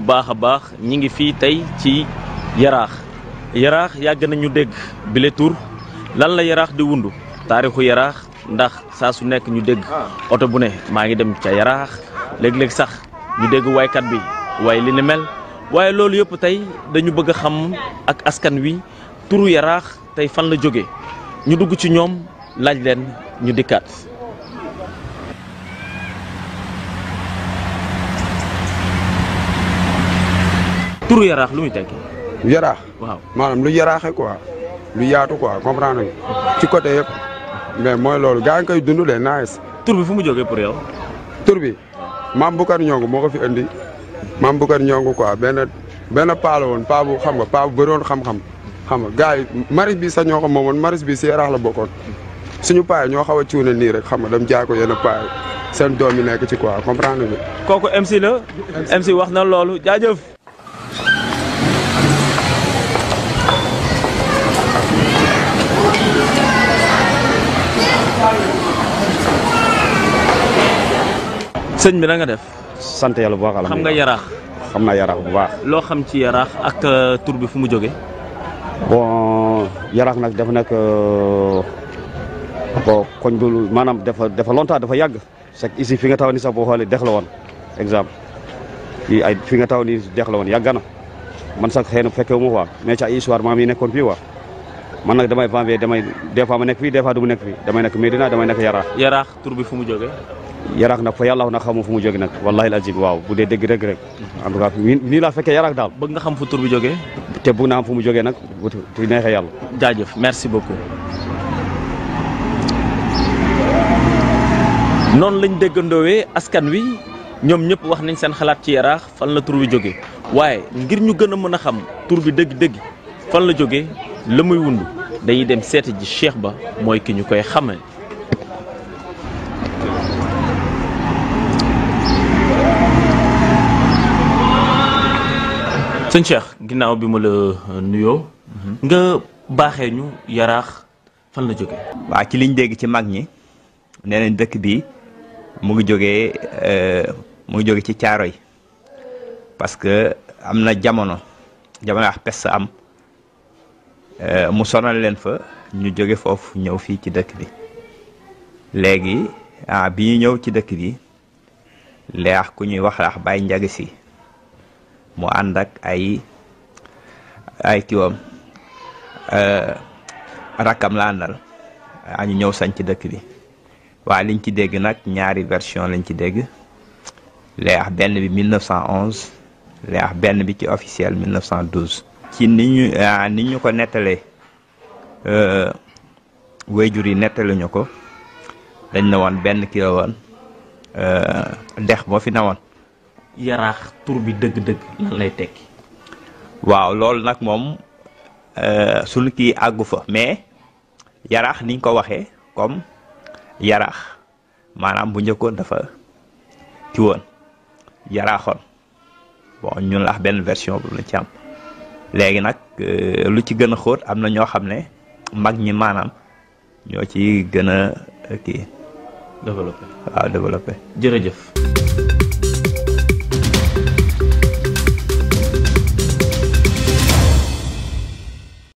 bu baax a baax ñi ngi fii tey ci yaraax yaraax yàgg nañu dégg bile tur lan la yaraax di wundu taarixu yaraax ndax saa su nekk ñu dégg oto bu ne maa ngi dem ca yaraax léglég sax ñu dégg waykat bi waaye li ni mel waaye loolu yëpp tey dañu bëgg xam ak askan wi turu yaraax tey fan la jóge ñu dugg ci ñoom laaj leen ñu dikkaat turu yaraax lu muy tekki. yaraax. waaw maanaam lu yaraaxe quoi lu yaatu quoi comprendre nga ci côté yëpp mais mooy loolu gaa ngi koy dund de nice. tur bi fu mu jógee pour yow. tur bi maam Bukar Ñongu moo ko fi indi maam Bukar Ñongu quoi benn benn paa woon paa bu xam nga paa bu bëroon xam-xam xam nga gars yi maris bi sa ñoo ko moomoon maris bi si yaraax la bokkoon suñu paa yi ñoo xaw a cuune nii rek xam nga dem jaay ko yenn seen doom yi nekk ci quoi comprendre nga. sëñ bi na nga def. sante yal bu baax alhamdulilah xam nga yaraax. xam naa yaraax bu baax. loo xam ci yaraax ak euh, tur bi fu mu joge bon yaraax nag def nekk euh, bon koñ bu maanaam dafa dafa longtemps dafa yàgg. c'est ici fi nga taw ni sax boo xoolee dex la woon exemple fii ay fi nga taw ni dex la woon yàgg na man sax xëy na fekke wu ma quoi mais ci ay histoire maam yi nekkoon fii wa man nag damay vanvé damay des fois ma nekk fii des fois du mu nekk fii damay nekk Médina damay nekk yaraax. yaraax bi fu mu jógee. yaraax nag fa yàlla na xamoo fu mu jóge nag wallahi al azim waaw bu dee dégg rek rek en tout laa fekkee yaraax daal bëgg nga xam fu tur bi jógee te bugg naa xam fu mu jógee nag bu neexee yàlla jaajëf merci beaucoup noonu lañ déggandoowee askan wi ñoom ñëpp wax nañ seen xalaat ci yaraax fan la tur bi jóge waaye ngir ñu gën a mën a xam tur bi dëgg-dëgg fan la jóge la muy wund dañuy dem seeti ji cheikh ba mooy kii ñu koy xame sëñ Cheikh ginnaaw bi ma la euh, nuyoo. Mhm. nga baaxee ñu yaraax fan la jóge waaw ci liñ dégg ci mag ñi nee dëkk bi mu ngi jógee euh, mu ngi jóge ci caaro yi parce que am na jamono jamono wax pes am euh, mu sonal leen fa ñu jóge foofu ñëw fii ci dëkk bi léegi ah bi ñu ñëw ci dëkk bi leex ku ñuy wax laax bàyyi njagi si mu ànd ak ay ay kiwam euh, rakkam la àndal añu ñëw sañ ci dëkk bi waaye liñ ci dégg nag ñaari version lañ ci dégg leex benn bi 1911 leex benn bi ci officiel 1912 ci ni ñu ni ñu ko nettalee euh, wéyjur yi nettali ñu ko dañ na woon benn kilo woon euh, dex moo fi na woon yaraax tur bi dëgg-dëgg lan lay tekki. waaw loolu nag moom euh, suñu kii àggu fa mais yaraax niñ ko waxee comme yaraax maanaam bu njëkkoon dafa ci woon yaraaxoon bon ñun la benn version bu la ci am léegi nag euh, lu ci gën a xóot am na ñoo xam ne mag ñi maanaam ñoo ci gën a euh, kii. développé waaw développé. jërëjëf.